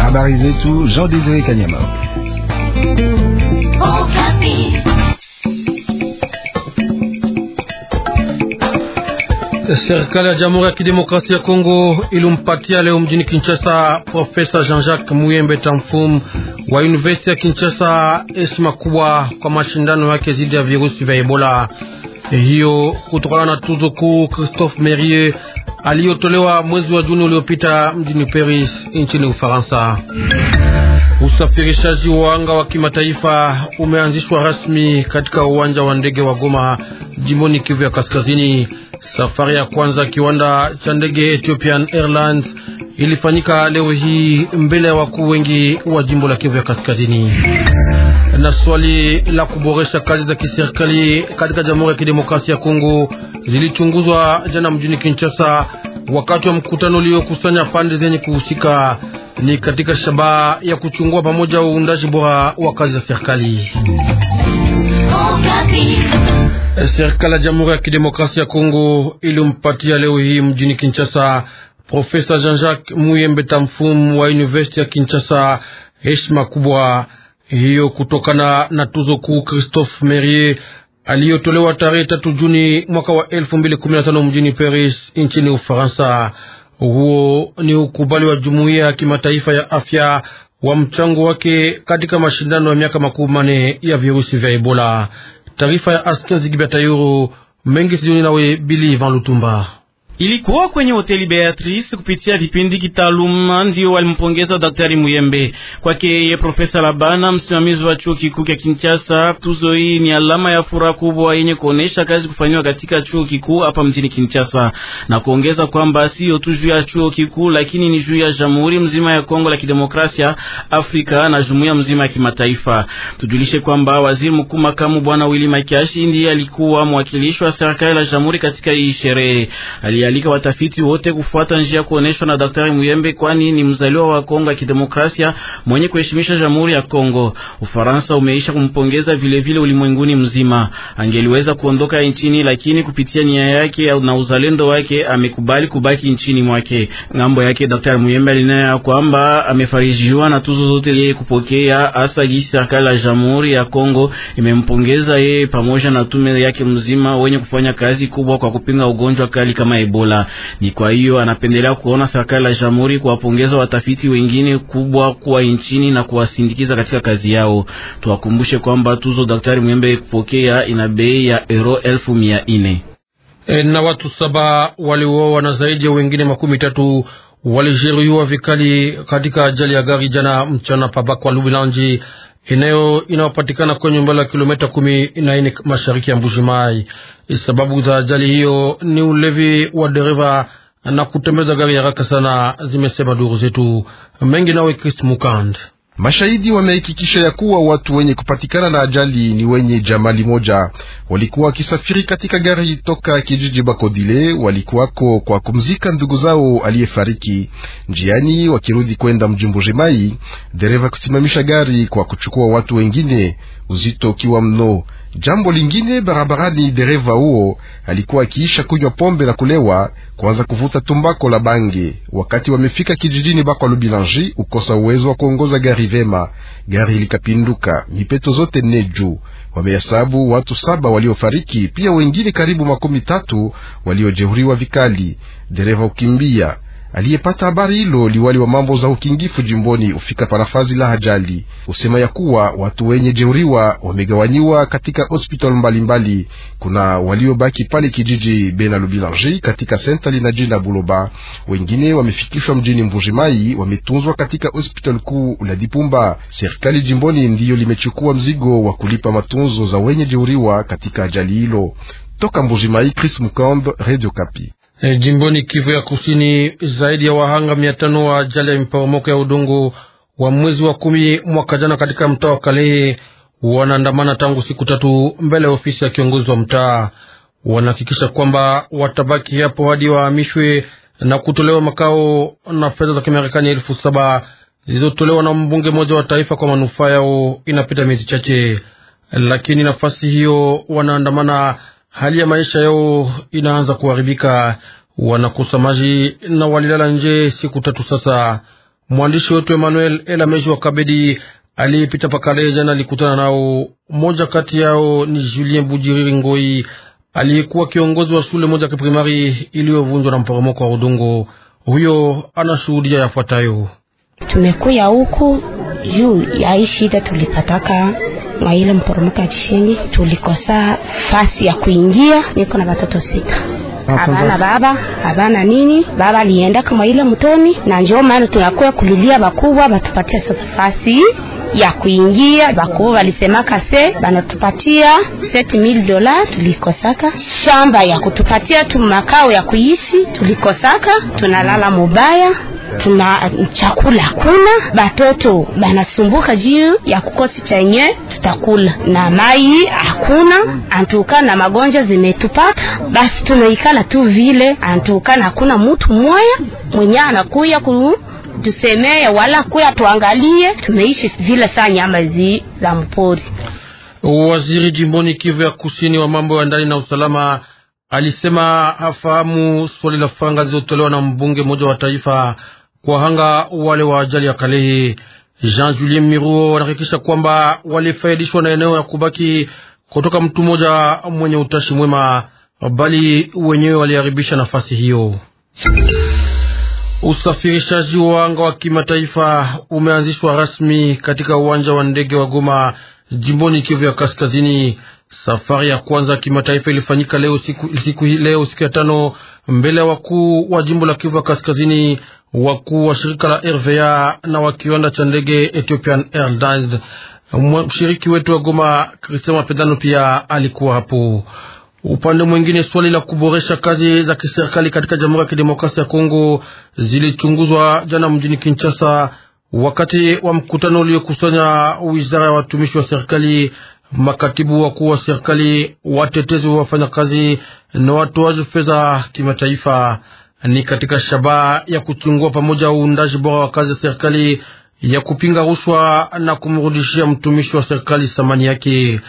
Habari tout, Jean Désiré Kanyama. Serikali ya Jamhuri ya Kidemokrasia ya Kongo ilimpatia leo mjini Kinshasa Profesa Jean-Jacques Muyembe Tamfum wa University ya Kinshasa heshima kubwa kwa mashindano yake dhidi ya virusi vya Ebola. Hiyo kutokana na tuzo kuu Christophe Mérié. aliyotolewa mwezi wa Juni uliopita mjini Paris nchini Ufaransa. Usafirishaji wa anga wa kimataifa umeanzishwa rasmi katika uwanja wa ndege wa Goma jimboni Kivu ya Kaskazini. Safari ya kwanza kiwanda cha ndege Ethiopian Airlines ilifanyika leo hii mbele ya wakuu wengi wa jimbo la Kivu ya Kaskazini. Na swali la kuboresha kazi za kiserikali katika Jamhuri ya Kidemokrasia ya Kongo zilichunguzwa jana mjini Kinshasa wakati wa mkutano uliokusanya pande zenye kuhusika ni katika shabaha ya kuchungua pamoja uundaji bora wa kazi za serikali. serikali ya Jamhuri ya Kidemokrasia ya Kongo ilimpatia leo hii mjini Kinshasa Profesa Jean-Jacques Muyembe Tamfum wa University ya Kinshasa heshima kubwa hiyo kutokana na tuzo kuu Christophe Merier aliyotolewa tarehe tatu Juni mwaka wa elfu mbili kumi na tano mjini Paris nchini Ufaransa. Huo ni ukubali wa jumuiya ya kimataifa ya afya wa mchango wake katika mashindano ya miaka makumi manne ya virusi vya Ebola. Taarifa ya Askenzi Gibatayuru mengi sijoni nawe Bili Van Lutumba. Ilikuwa kwenye hoteli Beatrice kupitia vipindi kitaaluma, ndio walimpongeza Daktari Muyembe. Kwake yeye Profesa Labana, msimamizi wa chuo kikuu cha Kinshasa, tuzo hii ni alama ya furaha kubwa yenye kuonesha kazi kufanywa katika chuo kikuu hapa mjini Kinshasa, na kuongeza kwamba sio tu juu ya chuo kikuu, lakini ni juu ya jamhuri mzima ya Kongo la Kidemokrasia, Afrika na jumuiya mzima ya kimataifa. Tujulishe kwamba waziri mkuu makamu Bwana Willy Makiashi ndiye alikuwa mwakilishi wa serikali la jamhuri katika hii sherehe alialika watafiti wote kufuata njia kuoneshwa na Daktari Muyembe, kwani ni mzaliwa wa Kongo ya kidemokrasia mwenye kuheshimisha jamhuri ya Kongo. Ufaransa umeisha kumpongeza vilevile ulimwenguni mzima. Angeliweza kuondoka nchini, lakini kupitia nia yake na uzalendo wake amekubali kubaki nchini mwake. Ngambo yake Daktari Muyembe alinena kwamba amefarijiwa na tuzo zote yeye kupokea, hasa gisi serikali ya jamhuri ya Kongo imempongeza yeye pamoja na tume yake mzima wenye kufanya kazi kubwa kwa kupinga ugonjwa kali kama Ebola. Ebola. Ni kwa hiyo anapendelea kuona serikali la jamhuri kuwapongeza watafiti wengine kubwa kuwa nchini na kuwasindikiza katika kazi yao. Tuwakumbushe kwamba tuzo Daktari Mwembe kupokea ina bei ya euro elfu mia nne. E, na watu saba waliuawa na zaidi ya wengine makumi tatu walijeruhiwa vikali katika ajali ya gari jana mchana pabakwa Lubilanji eneo inayopatikana kwenye umbali wa kilomita kumi na nne mashariki ya Mbujimayi. Sababu za ajali hiyo ni ulevi wa dereva na kutembeza gari haraka sana, zimesema duru zetu mengi. Nawe Chris Mukand Mashahidi wamehakikisha ya kuwa watu wenye kupatikana na ajali ni wenye jamali moja, walikuwa wakisafiri katika gari toka kijiji Bakodile, walikuwako kwa kumzika ndugu zao aliyefariki njiani wakirudi kwenda Mjimbujimai, dereva kusimamisha gari kwa kuchukua watu wengine, uzito ukiwa mno. Jambo lingine barabarani, dereva huo alikuwa akiisha kunywa pombe na kulewa, kuanza kuvuta tumbako la bangi. Wakati wamefika kijijini Bakwa Lubilanji, ukosa uwezo wa kuongoza gari vema, gari likapinduka, mipeto zote nne juu. Wamehesabu watu saba waliofariki, pia wengine karibu makumi tatu waliojeruhiwa vikali. Dereva ukimbia Aliyepata habari hilo liwali wa mambo za ukingifu jimboni hufika parafazi la ajali usema ya kuwa watu wenye jeuriwa wamegawanyiwa katika hospital mbalimbali. Kuna waliobaki pale kijiji Bena lubinarji katika senta jina Buloba, wengine wamefikishwa mjini Mbujimai, wametunzwa katika hospital kuu la Dipumba. Serikali jimboni ndiyo limechukua mzigo wa kulipa matunzo za wenye jeuriwa katika ajali hilo. Toka Mbujimai, Chris Mukand, Radio Kapi. E, jimboni Kivu ya Kusini, zaidi ya wahanga mia tano wa ajali ya miporomoko ya udongo wa mwezi wa kumi mwaka jana katika mtaa wa Kalehe wanaandamana tangu siku tatu mbele ya ofisi ya kiongozi wa mtaa. Wanahakikisha kwamba watabaki hapo hadi wahamishwe na kutolewa makao na fedha za Kimarekani elfu saba zilizotolewa na mbunge mmoja wa taifa kwa manufaa yao. Inapita miezi chache, lakini nafasi hiyo wanaandamana hali ya maisha yao inaanza kuharibika, wanakosa maji na walilala nje siku tatu sasa. Mwandishi wetu Emmanuel Elameji wa Kabedi aliyepita Pakale jana alikutana nao. Mmoja kati yao ni Julien Bujiriri Ngoi aliyekuwa kiongozi wa shule moja ya kiprimari iliyovunjwa na mporomoko wa udongo. Huyo anashuhudia yafuatayo: tumekuya huku juu ya hii shida tulipataka mwa ile mporomoka ya chini tulikosa fasi ya kuingia. Niko na watoto sita ah, abana baba abana nini, baba alienda kama ile mtoni, na njoo maana tunakuwa kulilia bakubwa batupatia sasa fasi ya kuingia. Bakubwa walisemaka se banatupatia 7000 dola, tulikosaka shamba ya kutupatia tu makao ya kuishi, tulikosaka tunalala mubaya tuna chakula kuna batoto banasumbuka juu ya kukosi chenye tutakula na mai hakuna antuka, na magonjwa zimetupata, basi tunaikala tu vile antuka, na hakuna mtu mmoya mwenye anakuya ku tusemee wala kuya tuangalie, tumeishi vile saa nyama zi za mpori. Waziri jimboni Kivu ya kusini wa mambo ya ndani na usalama alisema hafahamu swali la fanga zilizotolewa na mbunge mmoja wa taifa kwa hanga wale wa ajali ya Kalehe. Jean Julien Miro anahakikisha kwamba walifaidishwa na eneo ya kubaki kutoka mtu mmoja mwenye utashi mwema, bali wenyewe waliharibisha nafasi hiyo. Usafirishaji wa anga wa kimataifa umeanzishwa rasmi katika uwanja wa ndege wa Goma jimboni Kivu ya Kaskazini. Safari ya kwanza ya kimataifa ilifanyika leo siku, siku, leo siku ya tano mbele ya wakuu wa jimbo la Kivu ya Kaskazini wakuu wa shirika la RVA na wa kiwanda cha ndege Ethiopian Airlines. Mshiriki wetu wa Goma Kristian Mapendano, pia alikuwa hapo. Upande mwingine, swali la kuboresha kazi za kiserikali katika Jamhuri ya Kidemokrasia ya Kongo zilichunguzwa jana mjini Kinshasa wakati wa mkutano uliokusanya wizara ya watumishi wa serikali, makatibu wakuu wa serikali, watetezi wa wafanyakazi na watoaji fedha kimataifa ni katika shabaha ya kuchungua pamoja uundaji bora wa kazi ya serikali ya kupinga rushwa na kumrudishia mtumishi wa serikali thamani yake.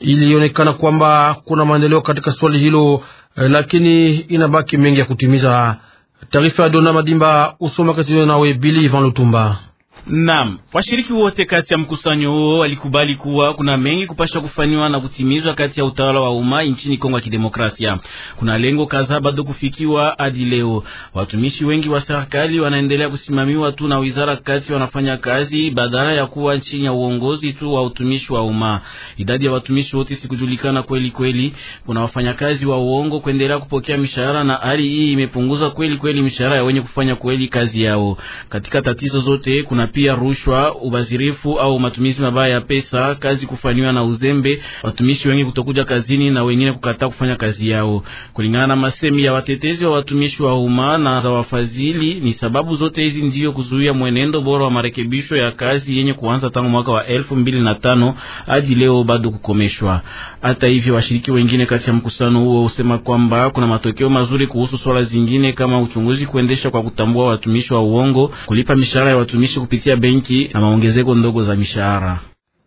Ilionekana kwamba kuna maendeleo katika swali hilo, lakini inabaki mengi ya kutimiza. Taarifa ya Dona Madimba usoma katizo nawe Bili Ivan Lutumba. Naam, washiriki wote kati ya mkusanyo huo walikubali kuwa kuna mengi kupasha kufanywa na kutimizwa kati ya utawala wa umma nchini Kongo ya Kidemokrasia. Kuna lengo kadhaa bado kufikiwa hadi leo. Watumishi wengi wa serikali wanaendelea kusimamiwa tu na wizara kati wanafanya kazi badala ya kuwa chini ya uongozi tu wa utumishi wa umma. Idadi ya watumishi wote sikujulikana kweli kweli. Kuna wafanyakazi wa uongo kuendelea kupokea mishahara, na hali hii imepunguza kweli kweli mishahara ya wenye kufanya kweli kazi yao. Katika tatizo zote kuna pia rushwa, ubazirifu au matumizi mabaya ya pesa, kazi kufanywa na uzembe, watumishi wengi kutokuja kazini na wengine kukataa kufanya kazi yao. Kulingana na masemi ya watetezi wa watumishi wa umma na za wafadhili, ni sababu zote hizi ndiyo kuzuia mwenendo bora wa marekebisho ya kazi yenye kuanza tangu mwaka wa elfu mbili na tano hadi leo bado kukomeshwa. Hata hivyo, washiriki wengine kati ya mkusano huo husema kwamba kuna matokeo mazuri kuhusu swala zingine kama uchunguzi, kuendesha kwa kutambua watumishi wa uongo, kulipa mishahara ya watumishi kupitia kupitia benki na maongezeko ndogo za mishahara.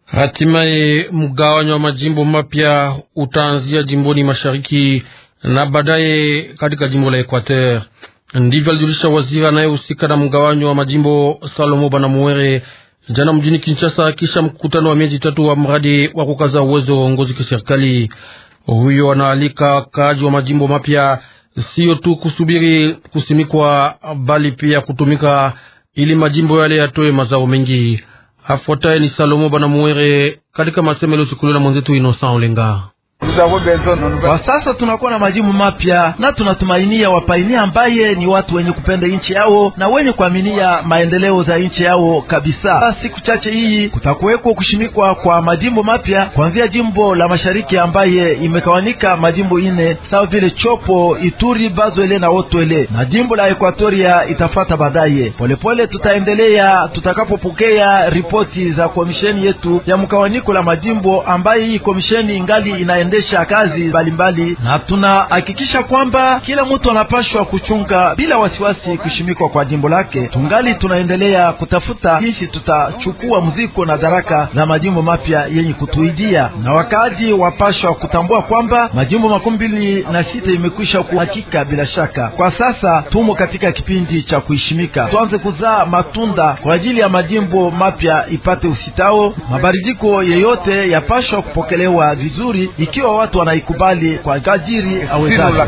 Hatimaye mgawanyo wa majimbo mapya utaanzia jimboni mashariki na baadaye katika jimbo la Equateur. Ndivyo alijulisha waziri anayehusika na mgawanyo wa majimbo Salomo banamuere jana mjini Kinshasa, kisha mkutano wa miezi tatu wa mradi wa kukaza uwezo wa uongozi kiserikali. Huyo anaalika wakaaji wa majimbo mapya siyo tu kusubiri kusimikwa, bali pia kutumika ili majimbo yale yatoe mazao mengi. Afuataye ni Salomo Bana Muwere katika masemelo chukuliwa na mwenzetu Innocent Olenga. Kwa sasa tunakuwa na majibu mapya na tunatumainia wapainia ambaye ni watu wenye kupenda nchi yao na wenye kuaminia maendeleo za nchi yao kabisa. Siku chache hii kutakuweko kushimikwa kwa majimbo mapya kuanzia jimbo la mashariki ambaye imekawanika majimbo ine sawa vile Chopo, Ituri, Bazwele na Otwele, na jimbo la Ekwatoria itafata baadaye. Polepole tutaendelea tutakapopokea ripoti za komisheni yetu ya mkawaniko la majimbo ambaye hii komisheni ingali inaendelea kuendesha kazi mbalimbali, na tunahakikisha kwamba kila mtu anapashwa kuchunga bila wasiwasi kushimikwa kwa jimbo lake. Tungali tunaendelea kutafuta jinsi tutachukua mziko na daraka za majimbo mapya yenye kutuidia, na wakaaji wapashwa kutambua kwamba majimbo makumi mbili na sita imekwisha kuhakika. Bila shaka, kwa sasa tumo katika kipindi cha kuishimika tuanze kuzaa matunda kwa ajili ya majimbo mapya ipate usitao. Mabadiliko yeyote yapashwa kupokelewa vizuri iki ikiwa watu wanaikubali kwa kadiri awezavyo.